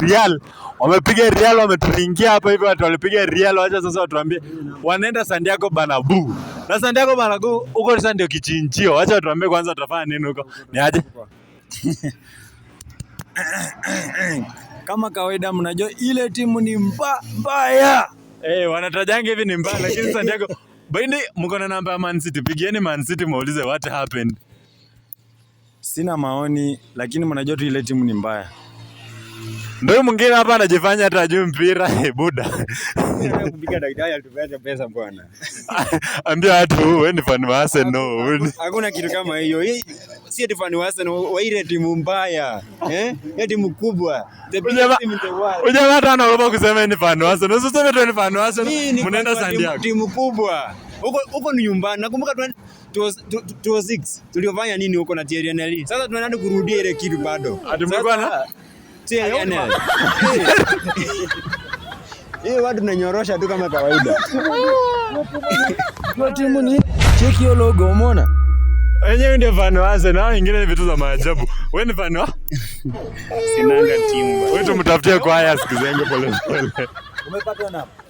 Real wamepiga Real, wametuingia hapa hivi, watu walipiga Real. acha sasa watuambie, wanaenda Santiago Banabu na Santiago Banabu huko sasa ndio kichinjio. Acha watuambie kwanza watafanya nini huko, ni aje? Kama kawaida, mnajua ile timu ni mbaya eh, hey, wanatajanga hivi ni mbaya, lakini Santiago Baini mko na namba ya Man City, pigieni Man City muulize what happened. Sina maoni, lakini mnajua tu ile timu ni mbaya. Ndio mwingine hapa anajifanya hata ajui mpira eh, buda. Kupiga daktari alitupatia pesa bwana. Ambia watu wewe ni fan wa Arsenal. Hakuna kitu kama hiyo. Si eti fan wa Arsenal, wa ile timu mbaya. Eh? Ile timu kubwa. Ujamaa hata anaogopa kusema ni fan wa Arsenal. Usiseme tu ni fan wa Arsenal. Mnaenda San Diego. Timu kubwa. Huko huko ni nyumbani. Nakumbuka tuliofanya nini huko na Thierry Henry. Sasa tunaenda kurudia ile kitu bado. Atumekuwa ah, na Hii watu tunanyorosha tu kama kawaida. Kwa timu ni cheki hiyo logo umeona? Wenyewe ndio fan wa Arsenal, hao ni vitu za maajabu. Wewe ni fan wa? Sinanga timu. Wewe tumtafutie kwa haya siku zangu pole pole. Umepata namba?